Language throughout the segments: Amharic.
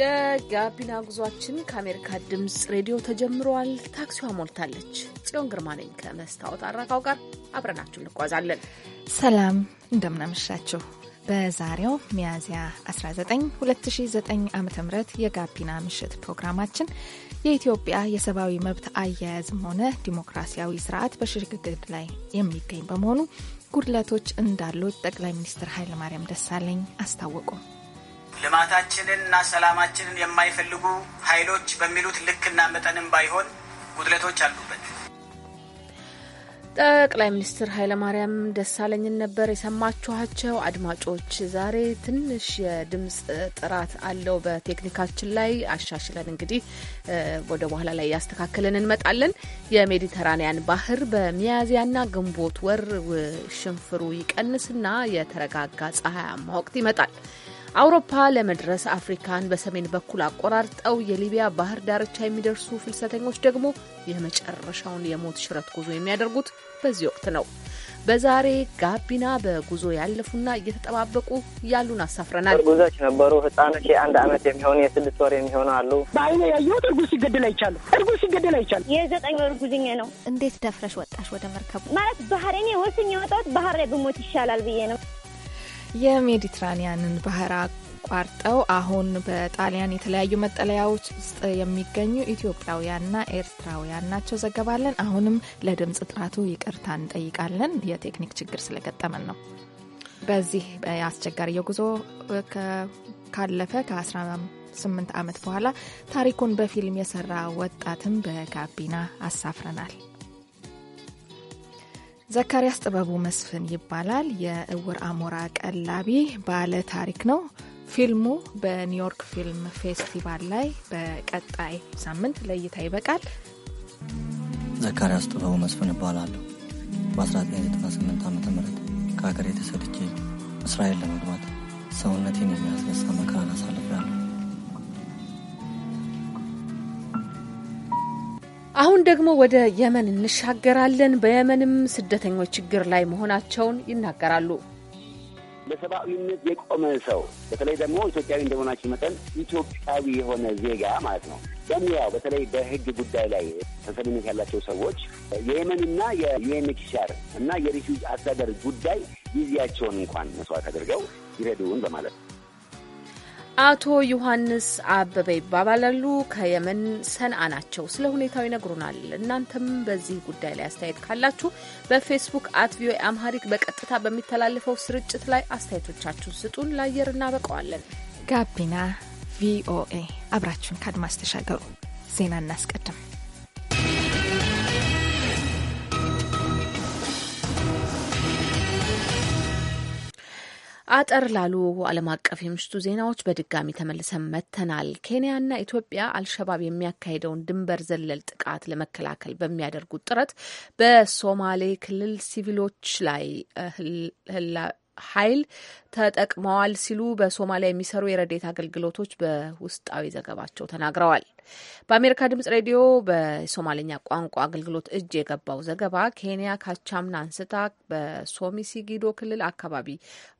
የጋቢና ጉዟችን ከአሜሪካ ድምፅ ሬዲዮ ተጀምሯል። ታክሲዋ ሞልታለች። ጽዮን ግርማ ነኝ ከመስታወት አረጋው ጋር አብረናችሁ እንጓዛለን። ሰላም እንደምናመሻችሁ። በዛሬው ሚያዝያ 19 2009 ዓ ም የጋቢና ምሽት ፕሮግራማችን የኢትዮጵያ የሰብአዊ መብት አያያዝም ሆነ ዲሞክራሲያዊ ስርዓት በሽግግር ላይ የሚገኝ በመሆኑ ጉድለቶች እንዳሉት ጠቅላይ ሚኒስትር ኃይለማርያም ደሳለኝ አስታወቁም። ልማታችንንና ሰላማችንን የማይፈልጉ ኃይሎች በሚሉት ልክና መጠንም ባይሆን ጉድለቶች አሉበት። ጠቅላይ ሚኒስትር ኃይለማርያም ደሳለኝን ነበር የሰማችኋቸው። አድማጮች፣ ዛሬ ትንሽ የድምፅ ጥራት አለው በቴክኒካችን ላይ አሻሽለን እንግዲህ ወደ በኋላ ላይ እያስተካከልን እንመጣለን። የሜዲተራኒያን ባህር በሚያዝያና ግንቦት ወር ሽንፍሩ ይቀንስና የተረጋጋ ፀሐያማ ወቅት ይመጣል። አውሮፓ ለመድረስ አፍሪካን በሰሜን በኩል አቆራርጠው የሊቢያ ባህር ዳርቻ የሚደርሱ ፍልሰተኞች ደግሞ የመጨረሻውን የሞት ሽረት ጉዞ የሚያደርጉት በዚህ ወቅት ነው። በዛሬ ጋቢና በጉዞ ያለፉና እየተጠባበቁ ያሉን አሳፍረናል። እርጉዞች ነበሩ፣ ህጻኖች የአንድ አመት የሚሆኑ የስድስት ወር የሚሆኑ አሉ። በአይነ ያየሁት እርጉዝ ሲገደል አይቻሉ። እርጉዝ ሲገደል አይቻሉ። የዘጠኝ ወር ጉዝኛ ነው። እንዴት ደፍረሽ ወጣሽ ወደ መርከቡ? ማለት ባህር እኔ ወስኜ የወጣሁት ባህር ላይ ብሞት ይሻላል ብዬ ነው። የሜዲትራኒያንን ባህር አቋርጠው አሁን በጣሊያን የተለያዩ መጠለያዎች ውስጥ የሚገኙ ኢትዮጵያውያንና ኤርትራውያን ናቸው። ዘገባለን። አሁንም ለድምፅ ጥራቱ ይቅርታ እንጠይቃለን። የቴክኒክ ችግር ስለገጠመን ነው። በዚህ አስቸጋሪ የጉዞ ካለፈ ከ18 ዓመት በኋላ ታሪኩን በፊልም የሰራ ወጣትም በጋቢና አሳፍረናል። ዘካርያስ ጥበቡ መስፍን ይባላል። የእውር አሞራ ቀላቢ ባለ ታሪክ ነው። ፊልሙ በኒውዮርክ ፊልም ፌስቲቫል ላይ በቀጣይ ሳምንት ለእይታ ይበቃል። ዘካርያስ ጥበቡ መስፍን ይባላሉ በ በ1998 ዓ ም ከሀገር ተሰድጄ እስራኤል ለመግባት ሰውነቴን የሚያስነሳ መከራን አሳልፌያለሁ። አሁን ደግሞ ወደ የመን እንሻገራለን። በየመንም ስደተኞች ችግር ላይ መሆናቸውን ይናገራሉ። ለሰብአዊነት የቆመ ሰው በተለይ ደግሞ ኢትዮጵያዊ እንደመሆናችን መጠን ኢትዮጵያዊ የሆነ ዜጋ ማለት ነው። በሙያው በተለይ በሕግ ጉዳይ ላይ ተሰሚነት ያላቸው ሰዎች የየመንና የዩኤንኤችሲአር እና የሪፊውጅ አስተዳደር ጉዳይ ጊዜያቸውን እንኳን መስዋዕት አድርገው ይረዱን በማለት ነው። አቶ ዮሐንስ አበበ ይባባላሉ። ከየመን ሰንአ ናቸው። ስለ ሁኔታው ይነግሩናል። እናንተም በዚህ ጉዳይ ላይ አስተያየት ካላችሁ በፌስቡክ አት ቪኦኤ አምሃሪክ በቀጥታ በሚተላለፈው ስርጭት ላይ አስተያየቶቻችሁን ስጡን፣ ለአየር እናበቀዋለን። ጋቢና ቪኦኤ አብራችሁን ከአድማስ ተሻገሩ። ዜና እናስቀድም። አጠር ላሉ ዓለም አቀፍ የምሽቱ ዜናዎች በድጋሚ ተመልሰን መጥተናል። ኬንያና ኢትዮጵያ አልሸባብ የሚያካሂደውን ድንበር ዘለል ጥቃት ለመከላከል በሚያደርጉት ጥረት በሶማሌ ክልል ሲቪሎች ላይ ኃይል ተጠቅመዋል ሲሉ በሶማሊያ የሚሰሩ የረዴት አገልግሎቶች በውስጣዊ ዘገባቸው ተናግረዋል። በአሜሪካ ድምጽ ሬዲዮ በሶማሌኛ ቋንቋ አገልግሎት እጅ የገባው ዘገባ ኬንያ ካቻምና አንስታ በሶሚሲጊዶ ክልል አካባቢ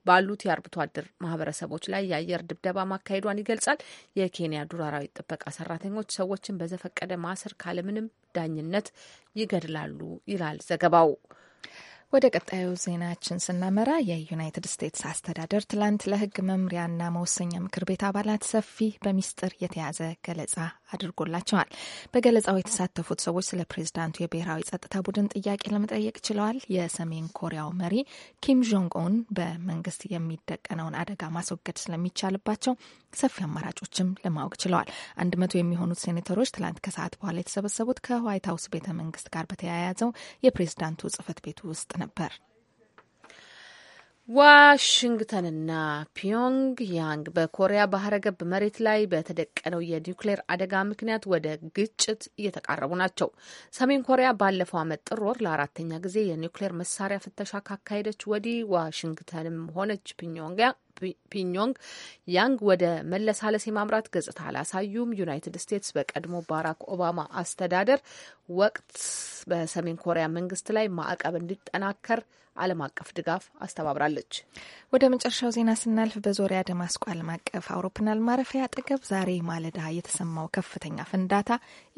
ባሉት የአርብቶ አደር ማህበረሰቦች ላይ የአየር ድብደባ ማካሄዷን ይገልጻል። የኬንያ ዱር አራዊት ጥበቃ ሰራተኞች ሰዎችን በዘፈቀደ ማሰር ካለምንም ዳኝነት ይገድላሉ ይላል ዘገባው። ወደ ቀጣዩ ዜናችን ስናመራ የዩናይትድ ስቴትስ አስተዳደር ትላንት ለሕግ መምሪያና መወሰኛ ምክር ቤት አባላት ሰፊ በሚስጥር የተያዘ ገለጻ አድርጎላቸዋል። በገለጻው የተሳተፉት ሰዎች ስለ ፕሬዚዳንቱ የብሔራዊ ጸጥታ ቡድን ጥያቄ ለመጠየቅ ችለዋል። የሰሜን ኮሪያው መሪ ኪም ጆንግ ኡን በመንግስት የሚደቀነውን አደጋ ማስወገድ ስለሚቻልባቸው ሰፊ አማራጮችም ለማወቅ ችለዋል። አንድ መቶ የሚሆኑት ሴኔተሮች ትላንት ከሰዓት በኋላ የተሰበሰቡት ከዋይት ሀውስ ቤተ መንግስት ጋር በተያያዘው የፕሬዚዳንቱ ጽህፈት ቤት ውስጥ ነበር። ዋሽንግተንና ፒዮንግ ያንግ በኮሪያ ባህረ ገብ መሬት ላይ በተደቀነው የኒውክሌር አደጋ ምክንያት ወደ ግጭት እየተቃረቡ ናቸው። ሰሜን ኮሪያ ባለፈው ዓመት ጥር ወር ለአራተኛ ጊዜ የኒውክሌር መሳሪያ ፍተሻ ካካሄደች ወዲህ ዋሽንግተንም ሆነች ፒዮንግ ያንግ ፒኞንግ ያንግ ወደ መለሳለስ የማምራት ገጽታ አላሳዩም። ዩናይትድ ስቴትስ በቀድሞ ባራክ ኦባማ አስተዳደር ወቅት በሰሜን ኮሪያ መንግስት ላይ ማዕቀብ እንዲጠናከር ዓለም አቀፍ ድጋፍ አስተባብራለች። ወደ መጨረሻው ዜና ስናልፍ በዞሪያ ደማስቆ ዓለም አቀፍ አውሮፕላን ማረፊያ አጠገብ ዛሬ ማለዳ የተሰማው ከፍተኛ ፍንዳታ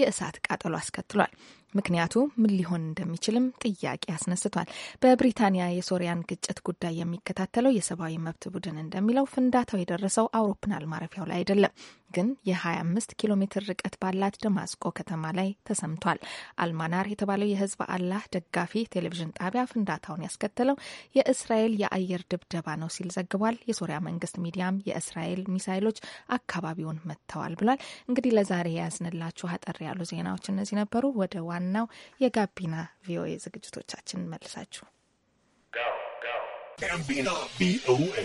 የእሳት ቃጠሎ አስከትሏል። ምክንያቱ ምን ሊሆን እንደሚችልም ጥያቄ አስነስቷል። በብሪታንያ የሶሪያን ግጭት ጉዳይ የሚከታተለው የሰብአዊ መብት ቡድን እንደሚለው ፍንዳታው የደረሰው አውሮፕላን ማረፊያው ላይ አይደለም። ግን የ25 ኪሎ ሜትር ርቀት ባላት ደማስቆ ከተማ ላይ ተሰምቷል። አልማናር የተባለው የህዝብ አላህ ደጋፊ ቴሌቪዥን ጣቢያ ፍንዳታውን ያስከተለው የእስራኤል የአየር ድብደባ ነው ሲል ዘግቧል። የሶሪያ መንግስት ሚዲያም የእስራኤል ሚሳይሎች አካባቢውን መጥተዋል ብሏል። እንግዲህ ለዛሬ የያዝንላችሁ አጠር ያሉ ዜናዎች እነዚህ ነበሩ። ወደ ዋናው የጋቢና ቪኦኤ ዝግጅቶቻችን መልሳችሁ ጋቢና ቪኦኤ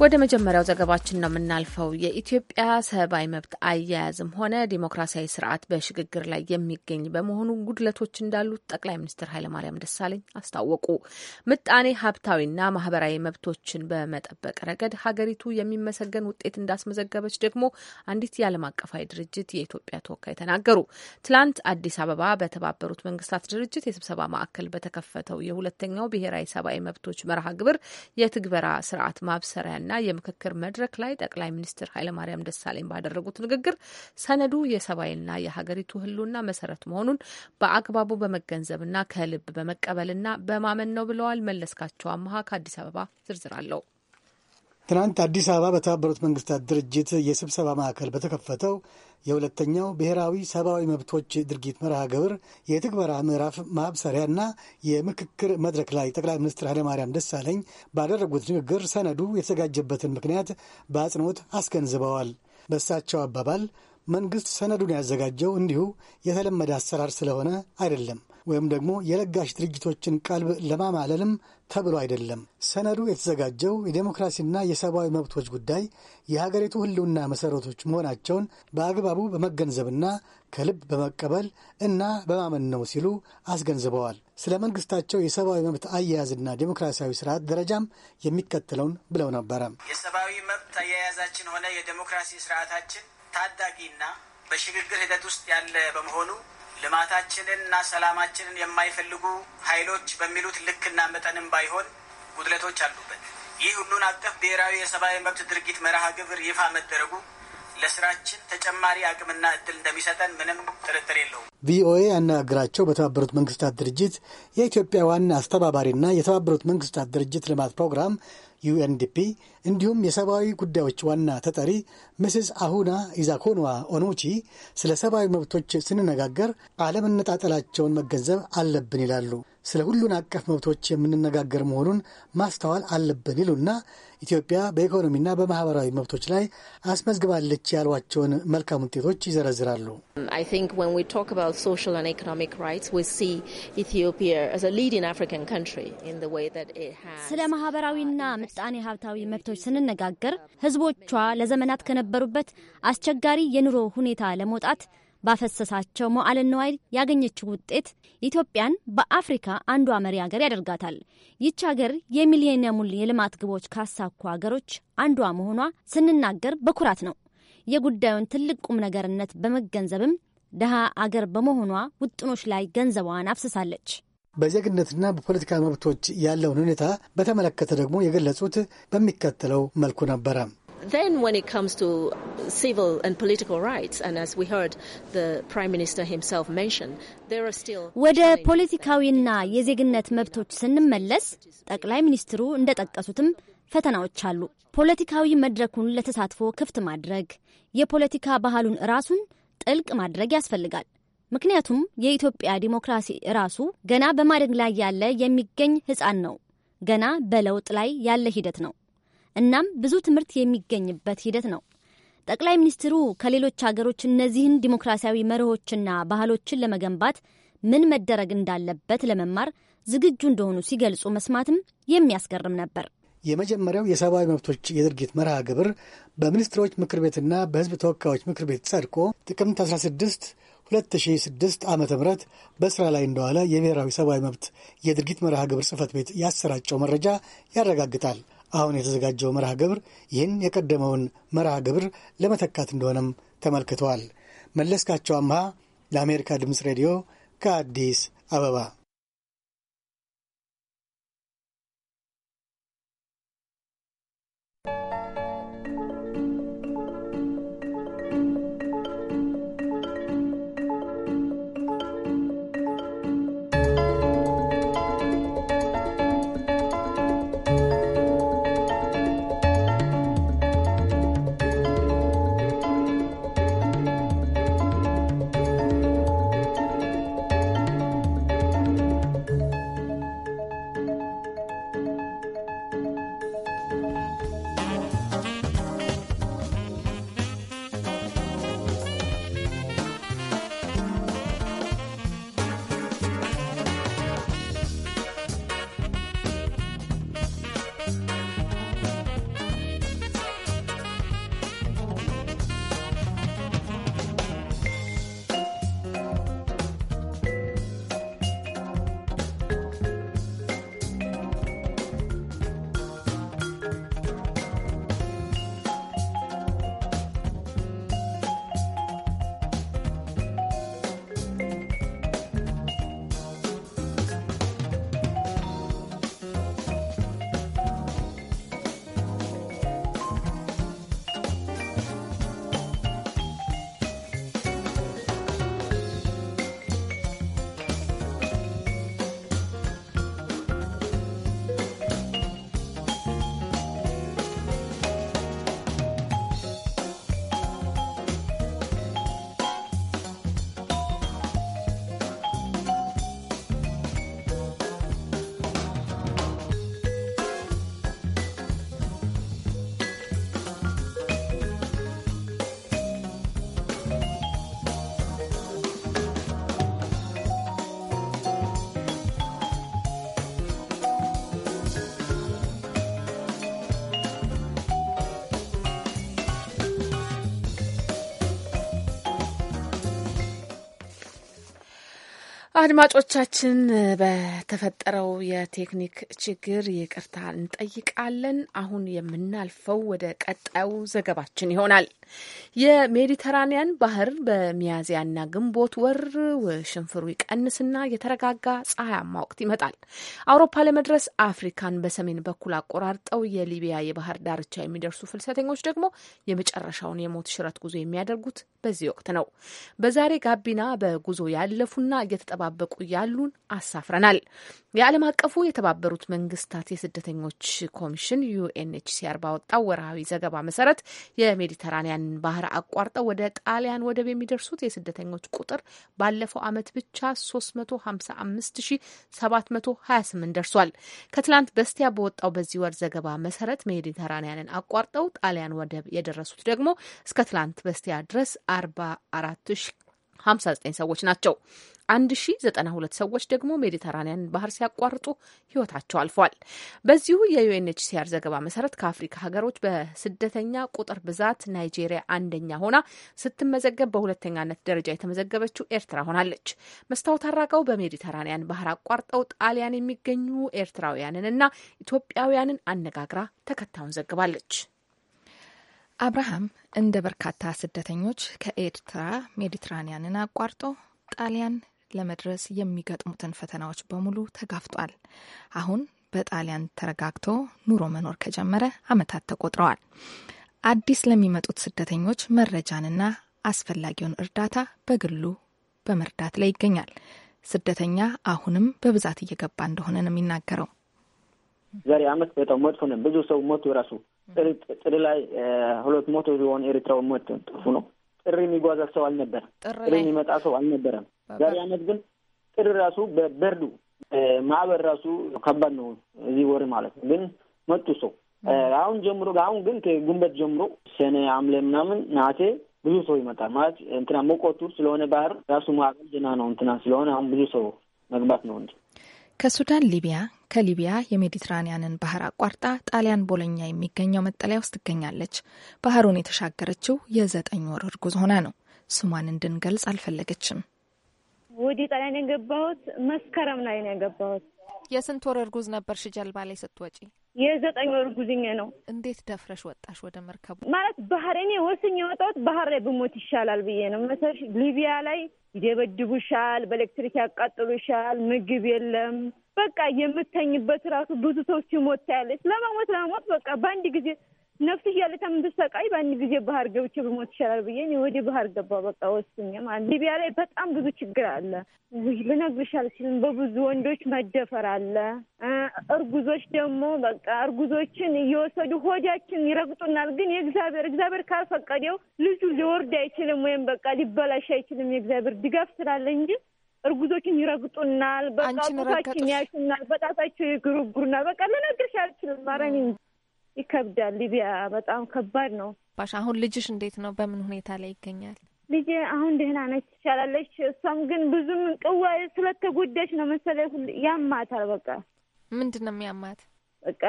ወደ መጀመሪያው ዘገባችን ነው የምናልፈው። የኢትዮጵያ ሰብአዊ መብት አያያዝም ሆነ ዲሞክራሲያዊ ስርዓት በሽግግር ላይ የሚገኝ በመሆኑ ጉድለቶች እንዳሉት ጠቅላይ ሚኒስትር ኃይለማርያም ደሳለኝ አስታወቁ። ምጣኔ ሀብታዊና ማህበራዊ መብቶችን በመጠበቅ ረገድ ሀገሪቱ የሚመሰገን ውጤት እንዳስመዘገበች ደግሞ አንዲት የዓለም አቀፋዊ ድርጅት የኢትዮጵያ ተወካይ ተናገሩ። ትላንት አዲስ አበባ በተባበሩት መንግስታት ድርጅት የስብሰባ ማዕከል በተከፈተው የሁለተኛው ብሔራዊ ሰብአዊ መብቶች መርሃ ግብር የትግበራ ስርዓት ማብሰሪያ ጉባኤና የምክክር መድረክ ላይ ጠቅላይ ሚኒስትር ኃይለማርያም ደሳለኝ ባደረጉት ንግግር ሰነዱ የሰብአዊና የሀገሪቱ ህልውና መሰረት መሆኑን በአግባቡ በመገንዘብና ከልብ በመቀበልና በማመን ነው ብለዋል። መለስካቸው አመሀ ከአዲስ አበባ ዝርዝር አለው። ትናንት አዲስ አበባ በተባበሩት መንግስታት ድርጅት የስብሰባ ማዕከል በተከፈተው የሁለተኛው ብሔራዊ ሰብአዊ መብቶች ድርጊት መርሃ ግብር የትግበራ ምዕራፍ ማብሰሪያና የምክክር መድረክ ላይ ጠቅላይ ሚኒስትር ኃይለማርያም ደሳለኝ ባደረጉት ንግግር ሰነዱ የተዘጋጀበትን ምክንያት በአጽንኦት አስገንዝበዋል። በእሳቸው አባባል መንግስት ሰነዱን ያዘጋጀው እንዲሁ የተለመደ አሰራር ስለሆነ አይደለም ወይም ደግሞ የለጋሽ ድርጅቶችን ቀልብ ለማማለልም ተብሎ አይደለም። ሰነዱ የተዘጋጀው የዴሞክራሲና የሰብአዊ መብቶች ጉዳይ የሀገሪቱ ሕልውና መሰረቶች መሆናቸውን በአግባቡ በመገንዘብና ከልብ በመቀበል እና በማመን ነው ሲሉ አስገንዝበዋል። ስለ መንግስታቸው የሰብአዊ መብት አያያዝና ዴሞክራሲያዊ ስርዓት ደረጃም የሚከተለውን ብለው ነበረ። የሰብአዊ መብት አያያዛችን ሆነ የዴሞክራሲ ስርዓታችን ታዳጊና በሽግግር ሂደት ውስጥ ያለ በመሆኑ ልማታችንንና ሰላማችንን የማይፈልጉ ኃይሎች በሚሉት ልክና መጠንም ባይሆን ጉድለቶች አሉበት። ይህ ሁሉን አቀፍ ብሔራዊ የሰብአዊ መብት ድርጊት መርሃ ግብር ይፋ መደረጉ ለስራችን ተጨማሪ አቅምና እድል እንደሚሰጠን ምንም ጥርጥር የለውም። ቪኦኤ ያነጋግራቸው በተባበሩት መንግስታት ድርጅት የኢትዮጵያ ዋና አስተባባሪና የተባበሩት መንግስታት ድርጅት ልማት ፕሮግራም ዩኤንዲፒ እንዲሁም የሰብአዊ ጉዳዮች ዋና ተጠሪ ምስስ አሁና ኢዛኮንዋ ኦኖቺ ስለ ሰብአዊ መብቶች ስንነጋገር አለመነጣጠላቸውን መገንዘብ አለብን ይላሉ። ስለ ሁሉን አቀፍ መብቶች የምንነጋገር መሆኑን ማስተዋል አለብን ይሉና ኢትዮጵያ በኢኮኖሚና በማህበራዊ መብቶች ላይ አስመዝግባለች ያሏቸውን መልካም ውጤቶች ይዘረዝራሉ። ስለ ማህበራዊና ምጣኔ ሀብታዊ መብቶች ወጣቶች ስንነጋገር ህዝቦቿ ለዘመናት ከነበሩበት አስቸጋሪ የኑሮ ሁኔታ ለመውጣት ባፈሰሳቸው መዋዕለ ንዋይ ያገኘችው ውጤት ኢትዮጵያን በአፍሪካ አንዷ መሪ ሀገር ያደርጋታል። ይች ሀገር የሚሊኒየሙን የልማት ግቦች ካሳኩ ሀገሮች አንዷ መሆኗ ስንናገር በኩራት ነው። የጉዳዩን ትልቅ ቁም ነገርነት በመገንዘብም ድሃ አገር በመሆኗ ውጥኖች ላይ ገንዘቧን አፍስሳለች። በዜግነትና በፖለቲካ መብቶች ያለውን ሁኔታ በተመለከተ ደግሞ የገለጹት በሚከተለው መልኩ ነበረ። Then, when it comes to civil and political rights, and as we heard the Prime Minister himself mention, there are still. ወደ ፖለቲካዊና የዜግነት መብቶች ስንመለስ ጠቅላይ ሚኒስትሩ እንደጠቀሱትም ፈተናዎች አሉ። ፖለቲካዊ መድረኩን ለተሳትፎ ክፍት ማድረግ፣ የፖለቲካ ባህሉን ራሱን ጥልቅ ማድረግ ያስፈልጋል። ምክንያቱም የኢትዮጵያ ዲሞክራሲ ራሱ ገና በማደግ ላይ ያለ የሚገኝ ህፃን ነው። ገና በለውጥ ላይ ያለ ሂደት ነው። እናም ብዙ ትምህርት የሚገኝበት ሂደት ነው። ጠቅላይ ሚኒስትሩ ከሌሎች ሀገሮች እነዚህን ዲሞክራሲያዊ መርሆችና ባህሎችን ለመገንባት ምን መደረግ እንዳለበት ለመማር ዝግጁ እንደሆኑ ሲገልጹ መስማትም የሚያስገርም ነበር። የመጀመሪያው የሰብአዊ መብቶች የድርጊት መርሃ ግብር በሚኒስትሮች ምክር ቤትና በህዝብ ተወካዮች ምክር ቤት ጸድቆ ጥቅምት 16 2006 ዓ ም በሥራ ላይ እንደዋለ የብሔራዊ ሰብአዊ መብት የድርጊት መርሃ ግብር ጽህፈት ቤት ያሰራጨው መረጃ ያረጋግጣል። አሁን የተዘጋጀው መርሃ ግብር ይህን የቀደመውን መርሃ ግብር ለመተካት እንደሆነም ተመልክተዋል። መለስካቸው አምሃ ለአሜሪካ ድምፅ ሬዲዮ ከአዲስ አበባ አድማጮቻችን በተፈጠረው የቴክኒክ ችግር ይቅርታ እንጠይቃለን። አሁን የምናልፈው ወደ ቀጣዩ ዘገባችን ይሆናል። የሜዲተራኒያን ባህር በሚያዝያና ግንቦት ወር ሽንፍሩ ይቀንስና የተረጋጋ ፀሐያማ ወቅት ይመጣል። አውሮፓ ለመድረስ አፍሪካን በሰሜን በኩል አቆራርጠው የሊቢያ የባህር ዳርቻ የሚደርሱ ፍልሰተኞች ደግሞ የመጨረሻውን የሞት ሽረት ጉዞ የሚያደርጉት በዚህ ወቅት ነው። በዛሬ ጋቢና በጉዞ ያለፉና እየተጠባበቁ ያሉን አሳፍረናል። የዓለም አቀፉ የተባበሩት መንግስታት የስደተኞች ኮሚሽን ዩኤንኤችሲአር ባወጣው ወርሃዊ ዘገባ መሰረት የሜዲተራኒያን ባህር አቋርጠው ወደ ጣሊያን ወደብ የሚደርሱት የስደተኞች ቁጥር ባለፈው ዓመት ብቻ 355728 ደርሷል። ከትላንት በስቲያ በወጣው በዚህ ወር ዘገባ መሰረት ሜዲተራኒያንን አቋርጠው ጣሊያን ወደብ የደረሱት ደግሞ እስከ ትላንት በስቲያ ድረስ 44 59 ሰዎች ናቸው። 1092 ሰዎች ደግሞ ሜዲተራኒያን ባህር ሲያቋርጡ ህይወታቸው አልፏል። በዚሁ የዩኤንኤችሲአር ዘገባ መሰረት ከአፍሪካ ሀገሮች በስደተኛ ቁጥር ብዛት ናይጄሪያ አንደኛ ሆና ስትመዘገብ በሁለተኛነት ደረጃ የተመዘገበችው ኤርትራ ሆናለች። መስታወት አራጋው በሜዲተራኒያን ባህር አቋርጠው ጣሊያን የሚገኙ ኤርትራውያንንና ኢትዮጵያውያንን አነጋግራ ተከታዩን ዘግባለች። አብርሃም እንደ በርካታ ስደተኞች ከኤርትራ ሜዲትራኒያንን አቋርጦ ጣሊያን ለመድረስ የሚገጥሙትን ፈተናዎች በሙሉ ተጋፍጧል። አሁን በጣሊያን ተረጋግቶ ኑሮ መኖር ከጀመረ ዓመታት ተቆጥረዋል። አዲስ ለሚመጡት ስደተኞች መረጃንና አስፈላጊውን እርዳታ በግሉ በመርዳት ላይ ይገኛል። ስደተኛ አሁንም በብዛት እየገባ እንደሆነ ነው የሚናገረው። ዛሬ አመት በጣም መጥፎ ነው። ብዙ ሰው ሞቱ ራሱ ጥሪ ላይ ሁለት ሞቶ ሲሆን ኤርትራው ሞት ጥፉ ነው። ጥሪ የሚጓዛ ሰው አልነበረም። ጥሪ የሚመጣ ሰው አልነበረም። ዛሬ አመት ግን ጥሪ ራሱ በበርዱ ማዕበር ራሱ ከባድ ነው። እዚህ ወር ማለት ነው። ግን መጡ ሰው አሁን ጀምሮ አሁን ግን ከጉንበት ጀምሮ ሰኔ፣ ሐምሌ ምናምን ናቴ ብዙ ሰው ይመጣል ማለት እንትና ሞቆቱ ስለሆነ ባህር ራሱ ማዕበል ዝና ነው እንትና ስለሆነ አሁን ብዙ ሰው መግባት ነው እንጂ ከሱዳን ሊቢያ፣ ከሊቢያ የሜዲትራኒያንን ባህር አቋርጣ ጣሊያን ቦሎኛ የሚገኘው መጠለያ ውስጥ ትገኛለች። ባህሩን የተሻገረችው የዘጠኝ ወር እርጉዝ ሆና ነው። ስሟን እንድንገልጽ አልፈለገችም። ወደ ጣሊያን የገባሁት መስከረም ላይ ነው የገባሁት የስንት ወር እርጉዝ ነበርሽ ጀልባ ላይ ስትወጪ? የዘጠኝ ወር እርጉዝኛ ነው። እንዴት ደፍረሽ ወጣሽ ወደ መርከቡ? ማለት ባህር እኔ ወስኜ የወጣሁት ባህር ላይ ብሞት ይሻላል ብዬ ነው። መሰሽ ሊቢያ ላይ ይደበድቡሻል፣ በኤሌክትሪክ ያቃጥሉሻል፣ ምግብ የለም በቃ የምተኝበት ራሱ ብዙ ሰው ሲሞት ያለች ለመሞት ለመሞት በቃ በአንድ ጊዜ ነፍስ እያለ ተምንድሰቃይ በአንድ ጊዜ ባህር ገብቼ በሞት ይሻላል ብዬ ወደ ባህር ገባ። በቃ ወስኜ ማለት ሊቢያ ላይ በጣም ብዙ ችግር አለ። ልነግርሽ አልችልም። በብዙ ወንዶች መደፈር አለ። እርጉዞች ደግሞ በቃ እርጉዞችን እየወሰዱ ሆዳችን ይረግጡናል። ግን የእግዚአብሔር እግዚአብሔር ካልፈቀደው ልጁ ሊወርድ አይችልም፣ ወይም በቃ ሊበላሽ አይችልም። የእግዚአብሔር ድጋፍ ስላለ እንጂ እርጉዞችን ይረግጡናል። በቃ ቁታችን ያሹናል። በጣታቸው ይግሩግሩናል። በቃ ልነግርሽ አልችልም። ማረኝ እንጂ ይከብዳል። ሊቢያ በጣም ከባድ ነው። ባሽ አሁን ልጅሽ እንዴት ነው? በምን ሁኔታ ላይ ይገኛል? ልጄ አሁን ደህና ነች፣ ትሻላለች። እሷም ግን ብዙም ቅዋ ስለተጎዳች ነው መሰለኝ ሁሉ ያማታል። በቃ ምንድን ነው የሚያማት? በቃ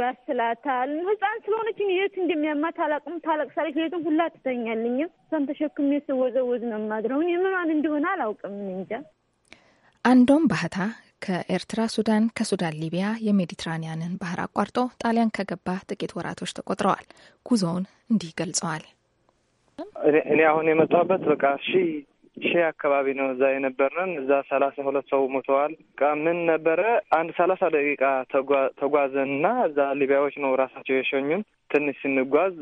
ያስላታል። ህፃን ስለሆነች የት እንደሚያማት አላቅም። ታለቅሳለች፣ ሌቱም ሁላ ትተኛልኝም። እሷን ተሸክሜ ስወዘወዝ ነው የማድረው። ምን ማን እንደሆነ አላውቅም፣ እንጃ አንዶም ባህታ ከኤርትራ ሱዳን፣ ከሱዳን ሊቢያ የሜዲትራኒያንን ባህር አቋርጦ ጣሊያን ከገባ ጥቂት ወራቶች ተቆጥረዋል። ጉዞውን እንዲህ ገልጸዋል። እኔ አሁን የመጣሁበት በቃ ሺ ሺ አካባቢ ነው። እዛ የነበርነን እዛ ሰላሳ ሁለት ሰው ሞተዋል። በቃ ምን ነበረ አንድ ሰላሳ ደቂቃ ተጓዘን እና እዛ ሊቢያዎች ነው ራሳቸው የሸኙን። ትንሽ ስንጓዝ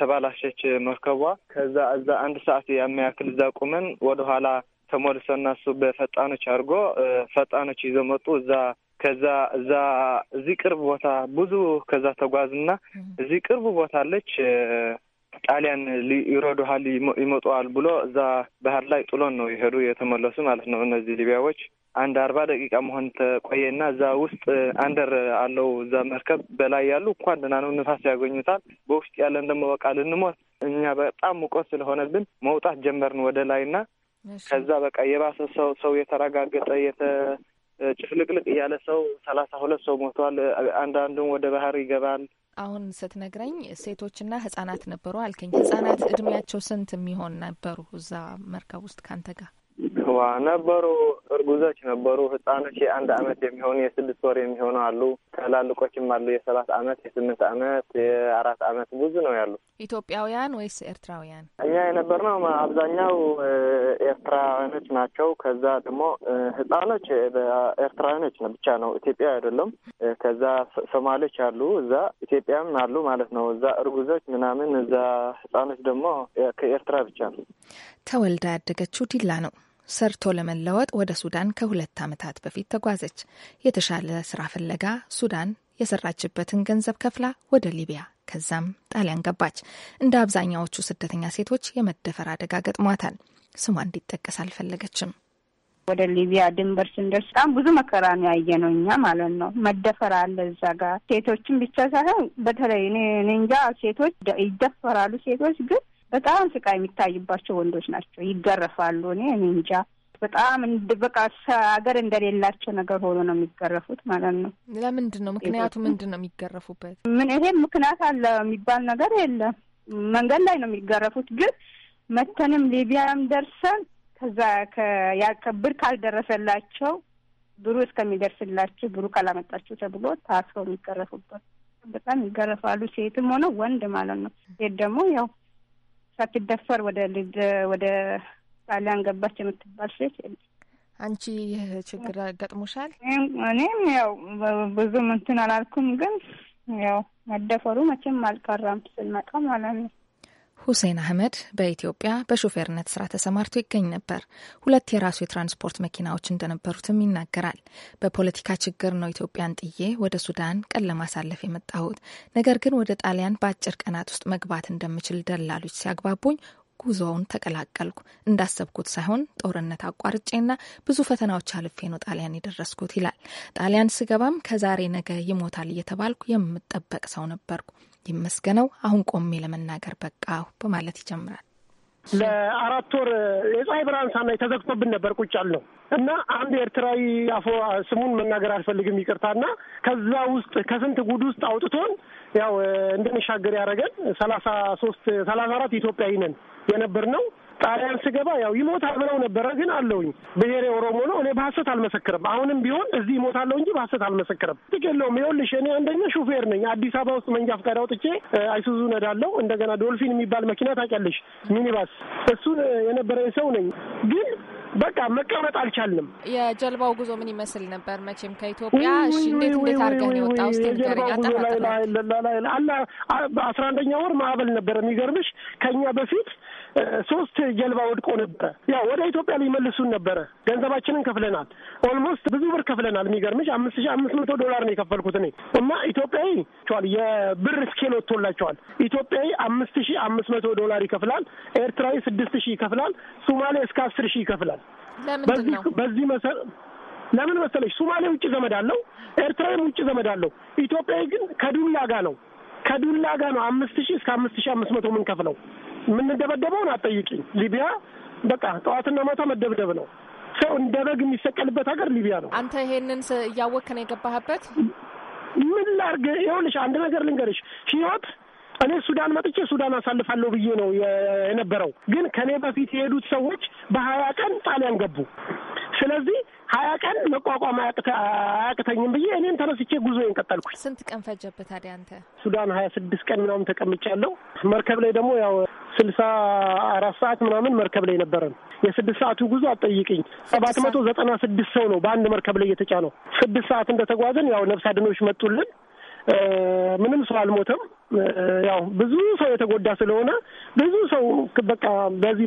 ተባላሸች መርከቧ። ከዛ እዛ አንድ ሰዓት የሚያክል እዛ ቁመን ወደኋላ ተሞልሰው እናሱ በፈጣኖች አድርጎ ፈጣኖች ይዘው መጡ። እዛ ከዛ እዛ እዚህ ቅርብ ቦታ ብዙ ከዛ ተጓዝና እዚህ ቅርቡ ቦታ አለች ጣሊያን ይረዱሃል ይመጡዋል ብሎ እዛ ባህር ላይ ጥሎን ነው የሄዱ የተመለሱ ማለት ነው። እነዚህ ሊቢያዎች አንድ አርባ ደቂቃ መሆን ተቆየና እዛ ውስጥ አንደር አለው እዛ መርከብ በላይ ያሉ እንኳን ደህና ነው፣ ንፋስ ያገኙታል። በውስጥ ያለን ደግሞ በቃ ልንሞት እኛ በጣም ሙቀት ስለሆነብን መውጣት ጀመርን ወደ ላይና ከዛ በቃ የባሰ ሰው ሰው የተረጋገጠ ጭፍልቅልቅ እያለ ሰው ሰላሳ ሁለት ሰው ሞቷል። አንዳንዱም ወደ ባህር ይገባል። አሁን ስትነግረኝ ሴቶችና ህጻናት ነበሩ አልከኝ። ህጻናት እድሜያቸው ስንት የሚሆን ነበሩ እዛ መርከብ ውስጥ ካንተ ጋር? ዋ ነበሩ። እርጉዞች ነበሩ፣ ህፃኖች የአንድ አመት የሚሆኑ የስድስት ወር የሚሆኑ አሉ። ትላልቆችም አሉ፣ የሰባት አመት የስምንት አመት የአራት አመት ብዙ ነው ያሉ። ኢትዮጵያውያን ወይስ ኤርትራውያን? እኛ የነበርነው አብዛኛው ኤርትራውያኖች ናቸው። ከዛ ደግሞ ህፃኖች ኤርትራውያኖች ብቻ ነው፣ ኢትዮጵያ አይደለም። ከዛ ሶማሌዎች አሉ፣ እዛ ኢትዮጵያም አሉ ማለት ነው። እዛ እርጉዞች ምናምን፣ እዛ ህፃኖች ደግሞ ከኤርትራ ብቻ ነው። ተወልዳ ያደገችው ዲላ ነው። ሰርቶ ለመለወጥ ወደ ሱዳን ከሁለት ዓመታት በፊት ተጓዘች። የተሻለ ስራ ፍለጋ ሱዳን የሰራችበትን ገንዘብ ከፍላ ወደ ሊቢያ ከዛም ጣሊያን ገባች። እንደ አብዛኛዎቹ ስደተኛ ሴቶች የመደፈር አደጋ ገጥሟታል። ስሟ እንዲጠቀስ አልፈለገችም። ወደ ሊቢያ ድንበር ስንደርስ በጣም ብዙ መከራ ነው ነው እኛ ማለት ነው። መደፈር አለ እዛ ጋር ሴቶችን ብቻ ሳይሆን በተለይ እኔ እንጃ ሴቶች ይደፈራሉ። ሴቶች ግን በጣም ስቃይ የሚታይባቸው ወንዶች ናቸው። ይገረፋሉ። እኔ እኔ እንጃ በጣም በቃ ሀገር እንደሌላቸው ነገር ሆኖ ነው የሚገረፉት ማለት ነው። ለምንድን ነው ምክንያቱ? ምንድን ነው የሚገረፉበት? ምን ይሄ ምክንያት አለ የሚባል ነገር የለም። መንገድ ላይ ነው የሚገረፉት። ግን መተንም ሊቢያም ደርሰን ከዛ ብር ካልደረሰላቸው ብሩ እስከሚደርስላችሁ ብሩ ካላመጣችሁ ተብሎ ታስረው የሚገረፉበት በጣም ይገረፋሉ። ሴትም ሆነ ወንድ ማለት ነው። ሴት ደግሞ ያው ሳትደፈር ወደ ልጅ ወደ ጣሊያን ገባች የምትባል ሴት አንቺ ይህ ችግር ገጥሞሻል? እኔም ያው ብዙም እንትን አላልኩም፣ ግን ያው መደፈሩ መቼም አልቀረም ስንመጣ ማለት ነው። ሁሴን አህመድ በኢትዮጵያ በሾፌርነት ስራ ተሰማርቶ ይገኝ ነበር። ሁለት የራሱ የትራንስፖርት መኪናዎች እንደነበሩትም ይናገራል። በፖለቲካ ችግር ነው ኢትዮጵያን ጥዬ ወደ ሱዳን ቀን ለማሳለፍ የመጣሁት፣ ነገር ግን ወደ ጣሊያን በአጭር ቀናት ውስጥ መግባት እንደምችል ደላሎች ሲያግባቡኝ ጉዞውን ተቀላቀልኩ። እንዳሰብኩት ሳይሆን ጦርነት አቋርጬና ብዙ ፈተናዎች አልፌ ነው ጣሊያን የደረስኩት ይላል። ጣሊያን ስገባም ከዛሬ ነገ ይሞታል እየተባልኩ የምጠበቅ ሰው ነበርኩ። ይመስገነው አሁን ቆሜ ለመናገር በቃሁ በማለት ይጀምራል። ለአራት ወር የፀሐይ ብርሃን ሳናይ ተዘግቶብን ነበር። ቁጭ አልነው እና አንድ ኤርትራዊ አፎ ስሙን መናገር አልፈልግም ይቅርታና ከዛ ውስጥ ከስንት ጉድ ውስጥ አውጥቶን ያው እንድንሻገር ያደረገን ሰላሳ ሶስት ሰላሳ አራት ኢትዮጵያዊ ነን የነበር ነው ጣሊያን ስገባ ያው ይሞታል ብለው ነበረ፣ ግን አለውኝ ብሔሬ ኦሮሞ ነው። እኔ በሀሰት አልመሰክርም። አሁንም ቢሆን እዚህ ይሞታለሁ እንጂ በሀሰት አልመሰክርም። ትክ የለውም። ይኸውልሽ እኔ አንደኛ ሹፌር ነኝ። አዲስ አበባ ውስጥ መንጃ ፈቃድ አውጥቼ አይሱዙ ነዳለው። እንደገና ዶልፊን የሚባል መኪና ታውቂያለሽ? ሚኒባስ፣ እሱን የነበረኝ ሰው ነኝ ግን በቃ መቀመጥ አልቻልንም። የጀልባው ጉዞ ምን ይመስል ነበር? መቼም ከኢትዮጵያ እንዴት እንዴት አድርገህ አንደኛ ወር ማዕበል ነበር። የሚገርምሽ ከእኛ በፊት ሶስት ጀልባ ወድቆ ነበረ። ያው ወደ ኢትዮጵያ ሊመልሱን ነበረ። ገንዘባችንን ከፍለናል። ኦልሞስት ብዙ ብር ከፍለናል። የሚገርምሽ አምስት ሺህ አምስት መቶ ዶላር ነው የከፈልኩት እኔ እና ኢትዮጵያዊ ቸዋል የብር ስኬል ወጥቶላቸዋል። ኢትዮጵያዊ አምስት ሺህ አምስት መቶ ዶላር ይከፍላል። ኤርትራዊ ስድስት ሺህ ይከፍላል። ሱማሌ እስከ አስር ሺህ ይከፍላል። በዚህ መሰ ለምን መሰለሽ ሱማሌ ውጭ ዘመድ አለው፣ ኤርትራዊም ውጭ ዘመድ አለው። ኢትዮጵያዊ ግን ከዱላ ጋ ነው ከዱላ ጋ ነው አምስት ሺህ እስከ አምስት ሺህ አምስት መቶ የምንከፍለው የምንደበደበውን አጠይቂኝ። ሊቢያ በቃ ጠዋትና ማታ መደብደብ ነው። ሰው እንደ በግ የሚሰቀልበት ሀገር ሊቢያ ነው። አንተ ይሄንን እያወቅህ ነው የገባህበት? ምን ላርግ? ይኸውልሽ አንድ ነገር ልንገርሽ፣ ህይወት እኔ ሱዳን መጥቼ ሱዳን አሳልፋለሁ ብዬ ነው የነበረው። ግን ከኔ በፊት የሄዱት ሰዎች በሀያ ቀን ጣሊያን ገቡ። ስለዚህ ሀያ ቀን መቋቋም አያቅተኝም ብዬ እኔም ተነስቼ ጉዞዬን ቀጠልኩኝ። ስንት ቀን ፈጀብህ ታዲያ አንተ? ሱዳን ሀያ ስድስት ቀን ምናምን ተቀምጫለሁ። መርከብ ላይ ደግሞ ያው ስልሳ አራት ሰዓት ምናምን መርከብ ላይ ነበረን። የስድስት ሰዓቱ ጉዞ አጠይቅኝ ሰባት መቶ ዘጠና ስድስት ሰው ነው በአንድ መርከብ ላይ እየተጫነው ስድስት ሰዓት እንደተጓዘን ያው ነፍስ አድኖች መጡልን። ምንም ሰው አልሞተም። ያው ብዙ ሰው የተጎዳ ስለሆነ ብዙ ሰው በቃ በዚህ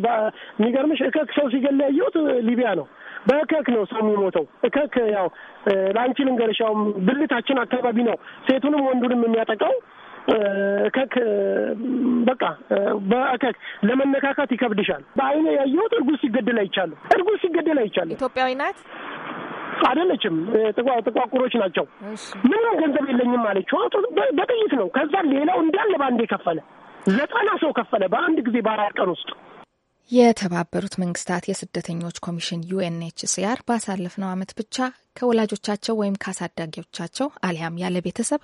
የሚገርምሽ እከክ ሰው ሲገላ ያየሁት ሊቢያ ነው። በእከክ ነው ሰው የሚሞተው። እከክ ያው ለአንቺ ልንገርሽ፣ ያው ብልታችን አካባቢ ነው ሴቱንም ወንዱንም የሚያጠቃው እከክ በቃ በእከክ ለመነካካት ይከብድሻል። በአይኔ ያየሁት እርጉዝ ሲገደል አይቻለሁ። እርጉዝ ሲገደል አይቻለሁ። ኢትዮጵያዊ ናት። አይደለችም። ጥቋቁሮች ናቸው። ምንም ገንዘብ የለኝም አለችው። በጥይት ነው። ከዛ ሌላው እንዳለ በአንድ የከፈለ ዘጠና ሰው ከፈለ በአንድ ጊዜ በአራት ቀን ውስጥ። የተባበሩት መንግስታት የስደተኞች ኮሚሽን ዩኤንኤችሲአር ባሳለፍነው አመት ብቻ ከወላጆቻቸው ወይም ከአሳዳጊዎቻቸው አሊያም ያለ ቤተሰብ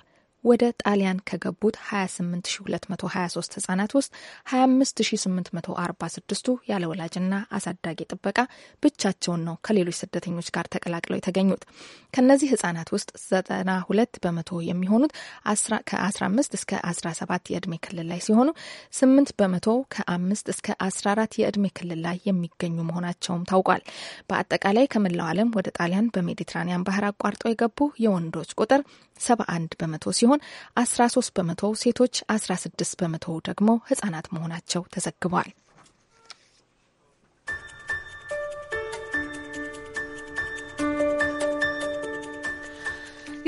ወደ ጣሊያን ከገቡት 28223 ህጻናት ውስጥ 25846ቱ ያለ ወላጅና አሳዳጊ ጥበቃ ብቻቸውን ነው ከሌሎች ስደተኞች ጋር ተቀላቅለው የተገኙት። ከነዚህ ህጻናት ውስጥ ዘጠና ሁለት በመቶ የሚሆኑት ከ15 እስከ 17 የእድሜ ክልል ላይ ሲሆኑ 8 በመቶ ከ5 እስከ 14 የእድሜ ክልል ላይ የሚገኙ መሆናቸውም ታውቋል። በአጠቃላይ ከመላው ዓለም ወደ ጣሊያን በሜዲትራኒያን ባህር አቋርጠው የገቡ የወንዶች ቁጥር 71 በመቶ ሲሆን 13 በመቶ ሴቶች፣ 16 በመቶ ደግሞ ህጻናት መሆናቸው ተዘግበዋል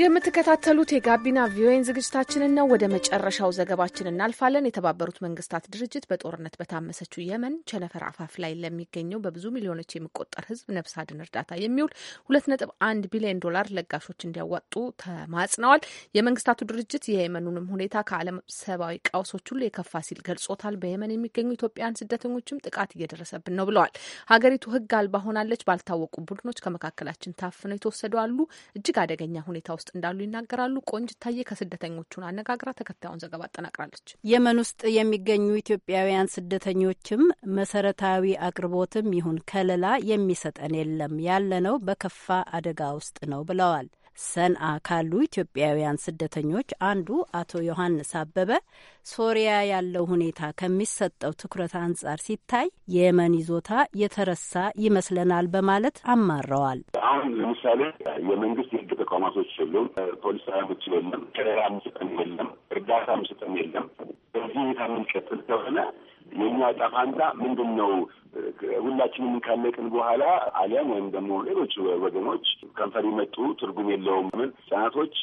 የምትከታተሉት የጋቢና ቪኦኤን ዝግጅታችንን ነው። ወደ መጨረሻው ዘገባችን እናልፋለን። የተባበሩት መንግስታት ድርጅት በጦርነት በታመሰችው የመን ቸነፈር አፋፍ ላይ ለሚገኘው በብዙ ሚሊዮኖች የሚቆጠር ሕዝብ ነፍስ አድን እርዳታ የሚውል ሁለት ነጥብ አንድ ቢሊዮን ዶላር ለጋሾች እንዲያዋጡ ተማጽነዋል። የመንግስታቱ ድርጅት የየመኑንም ሁኔታ ከዓለም ሰብአዊ ቀውሶች ሁሉ የከፋ ሲል ገልጾታል። በየመን የሚገኙ ኢትዮጵያን ስደተኞችም ጥቃት እየደረሰብን ነው ብለዋል። ሀገሪቱ ሕግ አልባ ሆናለች። ባልታወቁ ቡድኖች ከመካከላችን ታፍነው የተወሰዱ አሉ። እጅግ አደገኛ ሁኔታ ውስጥ እንዳሉ ይናገራሉ። ቆንጅ ታየ ከስደተኞቹን አነጋግራ ተከታዩን ዘገባ አጠናቅራለች። የመን ውስጥ የሚገኙ ኢትዮጵያውያን ስደተኞችም መሰረታዊ አቅርቦትም ይሁን ከለላ የሚሰጠን የለም፣ ያለነው በከፋ አደጋ ውስጥ ነው ብለዋል። ሰንአ ካሉ ኢትዮጵያውያን ስደተኞች አንዱ አቶ ዮሐንስ አበበ ሶሪያ ያለው ሁኔታ ከሚሰጠው ትኩረት አንጻር ሲታይ የየመን ይዞታ የተረሳ ይመስለናል በማለት አማረዋል። አሁን ለምሳሌ የመንግስት ተቋማቶች የሉም፣ ፖሊስ ሀያቦች የለም፣ ከለላ ምስጠን የለም፣ እርዳታ ምስጠን የለም። በዚህ ሁኔታ የምንቀጥል ከሆነ የእኛ ዕጣ ፈንታ ምንድን ነው? ሁላችንም ካለቅን በኋላ አሊያም ወይም ደግሞ ሌሎች ወገኖች ከንፈር ይመጡ ትርጉም የለውም። ምን ህጻናቶች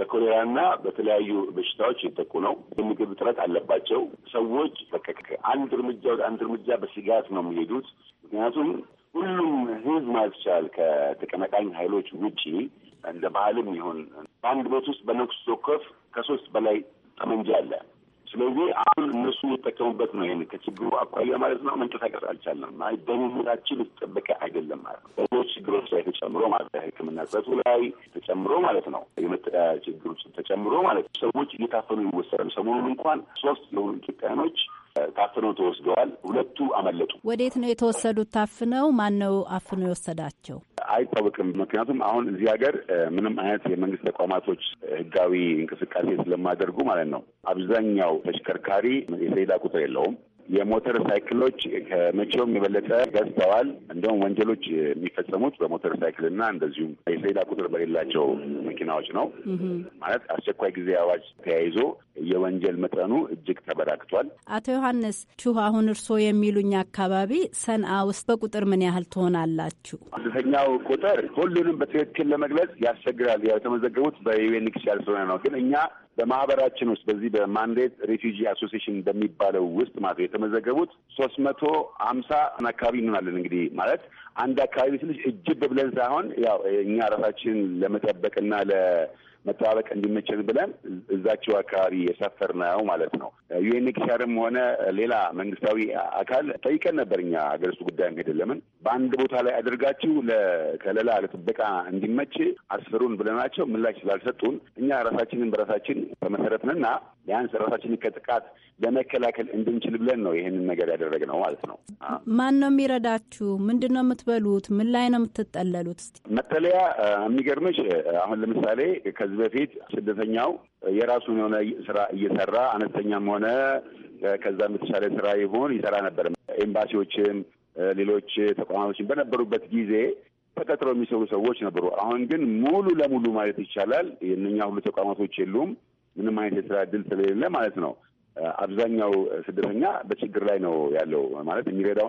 በኮሌራና በተለያዩ በሽታዎች የተጠቁ ነው። የምግብ እጥረት አለባቸው። ሰዎች አንድ እርምጃ ወደ አንድ እርምጃ በስጋት ነው የሚሄዱት። ምክንያቱም ሁሉም ህዝብ ማለት ይቻላል ከተቀናቃኝ ኃይሎች ውጪ እንደ ባህልም ይሁን በአንድ ቤት ውስጥ በነፍስ ወከፍ ከሶስት በላይ ጠመንጃ አለ። ስለዚህ አሁን እነሱ የሚጠቀሙበት ነው። ይህን ከችግሩ አኳያ ማለት ነው መንቀሳቀስ አልቻለም። አይ ደህንነታችን የተጠበቀ አይደለም ማለት ነው። በሌሎች ችግሮች ላይ ተጨምሮ ማለት ሕክምና እጥረቱ ላይ ተጨምሮ ማለት ነው። የመጠለያ ችግሮች ተጨምሮ ማለት ነው። ሰዎች እየታፈኑ ይወሰዳሉ። ሰሞኑን እንኳን ሶስት የሆኑ ኢትዮጵያኖች ታፍነው ተወስደዋል። ሁለቱ አመለጡ። ወዴት ነው የተወሰዱት? ታፍነው ነው አፍኖ የወሰዳቸው አይታወቅም። ምክንያቱም አሁን እዚህ ሀገር ምንም አይነት የመንግስት ተቋማቶች ህጋዊ እንቅስቃሴ ስለማያደርጉ ማለት ነው። አብዛኛው ተሽከርካሪ የሰሌዳ ቁጥር የለውም። የሞተር ሳይክሎች ከመቼውም የበለጠ ገዝተዋል። እንደውም ወንጀሎች የሚፈጸሙት በሞተር ሳይክልና እንደዚሁም የሰሌዳ ቁጥር በሌላቸው መኪናዎች ነው። ማለት አስቸኳይ ጊዜ አዋጅ ተያይዞ የወንጀል መጠኑ እጅግ ተበራክቷል። አቶ ዮሐንስ ችሁ አሁን እርስዎ የሚሉኝ አካባቢ ሰንአ ውስጥ በቁጥር ምን ያህል ትሆናላችሁ? ስንተኛው ቁጥር ሁሉንም በትክክል ለመግለጽ ያስቸግራል። ያው የተመዘገቡት በዩኤንኤክስሲአር ስለሆነ ነው። ግን እኛ በማህበራችን ውስጥ በዚህ በማንዴት ሬፊጂ አሶሲሽን በሚባለው ውስጥ ማለት የተመዘገቡት ሶስት መቶ ሀምሳ አካባቢ እንሆናለን። እንግዲህ ማለት አንድ አካባቢ ስልሽ እጅብ ብለን ሳይሆን ያው እኛ ራሳችን ለመጠበቅና መጠባበቅ እንዲመቸን ብለን እዛቸው አካባቢ የሰፈር ነው ማለት ነው። ዩኤንኤችሲአርም ሆነ ሌላ መንግስታዊ አካል ጠይቀን ነበር። እኛ ሀገር ውስጥ ጉዳይ ሄደ ለምን በአንድ ቦታ ላይ አድርጋችሁ ለከለላ ለጥበቃ እንዲመች አስፍሩን ብለናቸው ምላሽ ስላልሰጡን እኛ ራሳችንን በራሳችን በመሰረትንና ቢያንስ ራሳችንን ከጥቃት ለመከላከል እንድንችል ብለን ነው ይህንን ነገር ያደረግነው ማለት ነው። ማን ነው የሚረዳችሁ? ምንድን ነው የምትበሉት? ምን ላይ ነው የምትጠለሉት? እስኪ መጠለያ የሚገርምሽ አሁን ለምሳሌ ከዚህ በፊት ስደተኛው የራሱን የሆነ ስራ እየሰራ አነስተኛም ሆነ ከዛም የተሻለ ስራ ይሆን ይሰራ ነበር። ኤምባሲዎችም ሌሎች ተቋማቶችን በነበሩበት ጊዜ ተቀጥረው የሚሰሩ ሰዎች ነበሩ። አሁን ግን ሙሉ ለሙሉ ማለት ይቻላል የእነኛ ሁሉ ተቋማቶች የሉም። ምንም አይነት የስራ እድል ስለሌለ ማለት ነው አብዛኛው ስደተኛ በችግር ላይ ነው ያለው። ማለት የሚረዳው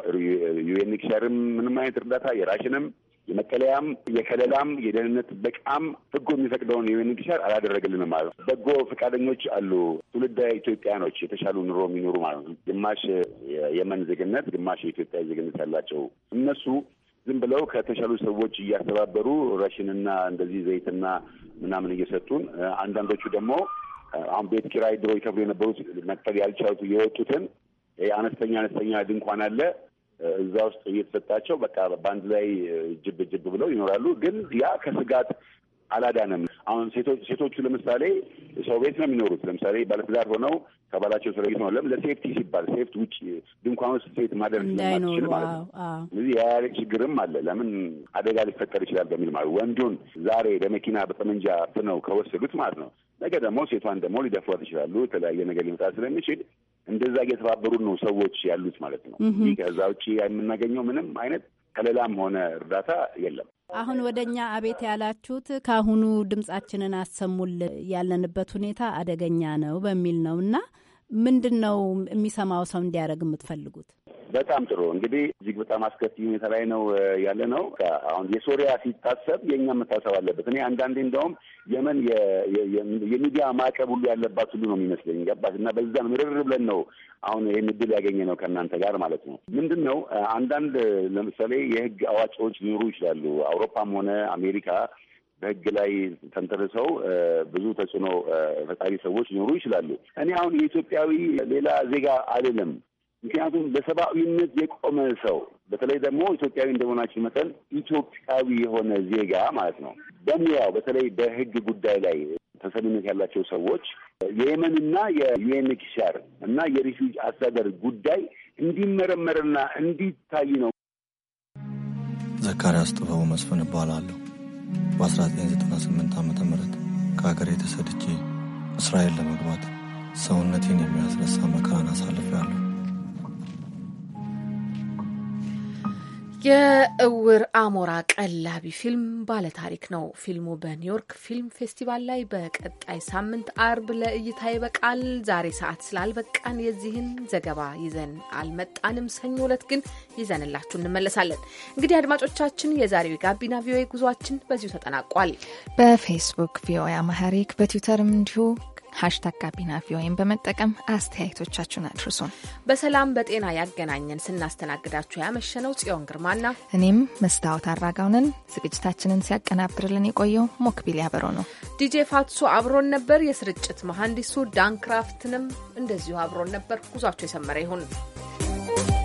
ዩኤንኤችሲአርም ምንም አይነት እርዳታ የራሽንም፣ የመጠለያም፣ የከለላም፣ የደህንነት ጥበቃም ህጉ የሚፈቅደውን ዩኤንኤችሲአር አላደረግልንም ማለት ነው። በጎ ፈቃደኞች አሉ፣ ትውልደ ኢትዮጵያኖች የተሻሉ ኑሮ የሚኖሩ ማለት ነው። ግማሽ የመን ዜግነት፣ ግማሽ የኢትዮጵያ ዜግነት ያላቸው እነሱ ዝም ብለው ከተሻሉ ሰዎች እያስተባበሩ ረሽንና እንደዚህ ዘይትና ምናምን እየሰጡን አንዳንዶቹ ደግሞ አሁን ቤት ኪራይ ድሮ ተብሎ የነበሩት መክፈል ያልቻሉት የወጡትን አነስተኛ አነስተኛ ድንኳን አለ እዛ ውስጥ እየተሰጣቸው በቃ በአንድ ላይ ጅብ ጅብ ብለው ይኖራሉ። ግን ያ ከስጋት አላዳነም። አሁን ሴቶቹ ለምሳሌ ሰው ቤት ነው የሚኖሩት። ለምሳሌ ባለትዳር ሆነው ከባላቸው ስለቤት ነው ለም ለሴፍቲ ሲባል ሴፍት ውጭ ድንኳን ውስጥ ሴት ማደር ማለት ነው። ስለዚህ ችግርም አለ። ለምን አደጋ ሊፈጠር ይችላል በሚል ማለት ወንዱን ዛሬ በመኪና በጠመንጃ ፍነው ከወሰዱት ማለት ነው ነገ ደግሞ ሴቷን ደግሞ ሊደፍሯት ይችላሉ። የተለያየ ነገር ሊመጣ ስለሚችል እንደዛ እየተባበሩን ነው ሰዎች ያሉት ማለት ነው። ከዛ ውጭ የምናገኘው ምንም አይነት ከሌላም ሆነ እርዳታ የለም። አሁን ወደ እኛ አቤት ያላችሁት ከአሁኑ ድምጻችንን አሰሙል ያለንበት ሁኔታ አደገኛ ነው በሚል ነው እና ምንድን ነው የሚሰማው ሰው እንዲያደርግ የምትፈልጉት? በጣም ጥሩ እንግዲህ እጅግ በጣም አስከፊ ሁኔታ ላይ ነው ያለ ነው። አሁን የሶሪያ ሲታሰብ የእኛ መታሰብ አለበት። እኔ አንዳንዴ እንደውም የመን የሚዲያ ማዕቀብ ሁሉ ያለባት ሁሉ ነው የሚመስለኝ ገባት እና በዛም ርር ብለን ነው አሁን ይህን እድል ያገኘ ነው ከእናንተ ጋር ማለት ነው። ምንድን ነው አንዳንድ ለምሳሌ የህግ አዋቂዎች ሊኖሩ ይችላሉ። አውሮፓም ሆነ አሜሪካ በህግ ላይ ተንተርሰው ብዙ ተጽዕኖ ፈጣሪ ሰዎች ሊኖሩ ይችላሉ። እኔ አሁን የኢትዮጵያዊ ሌላ ዜጋ አይደለም። ምክንያቱም ለሰብአዊነት የቆመ ሰው በተለይ ደግሞ ኢትዮጵያዊ እንደመሆናችን መጠን ኢትዮጵያዊ የሆነ ዜጋ ማለት ነው። በሙያው በተለይ በህግ ጉዳይ ላይ ተሰሚነት ያላቸው ሰዎች የየመንና የዩኤንኤችሲአር እና የሪፊውጅ አስተዳደር ጉዳይ እንዲመረመርና እንዲታይ ነው። ዘካርያስ ጥበቡ መስፍን እባላለሁ። በ1998 ዓ ም ከሀገሬ ተሰድቼ እስራኤል ለመግባት ሰውነቴን የሚያስነሳ መከራን አሳልፌያለሁ። የእውር አሞራ ቀላቢ ፊልም ባለታሪክ ነው። ፊልሙ በኒውዮርክ ፊልም ፌስቲቫል ላይ በቀጣይ ሳምንት አርብ ለእይታ ይበቃል። ዛሬ ሰዓት ስላልበቃን የዚህን ዘገባ ይዘን አልመጣንም። ሰኞ ዕለት ግን ይዘንላችሁ እንመለሳለን። እንግዲህ አድማጮቻችን፣ የዛሬው የጋቢና ቪኦኤ ጉዟችን በዚሁ ተጠናቋል። በፌስቡክ ቪኦኤ አማሐሪክ በትዊተርም እንዲሁ ሀሽታግ ጋቢና ቪኦኤም በመጠቀም አስተያየቶቻችሁን አድርሱን። በሰላም በጤና ያገናኘን። ስናስተናግዳችሁ ያመሸነው ጽዮን ግርማና እኔም መስታወት አራጋውንን። ዝግጅታችንን ሲያቀናብርልን የቆየው ሞክቢል ያበረው ነው። ዲጄ ፋትሶ አብሮን ነበር። የስርጭት መሐንዲሱ ዳንክራፍትንም እንደዚሁ አብሮን ነበር። ጉዟቸው የሰመረ ይሁን።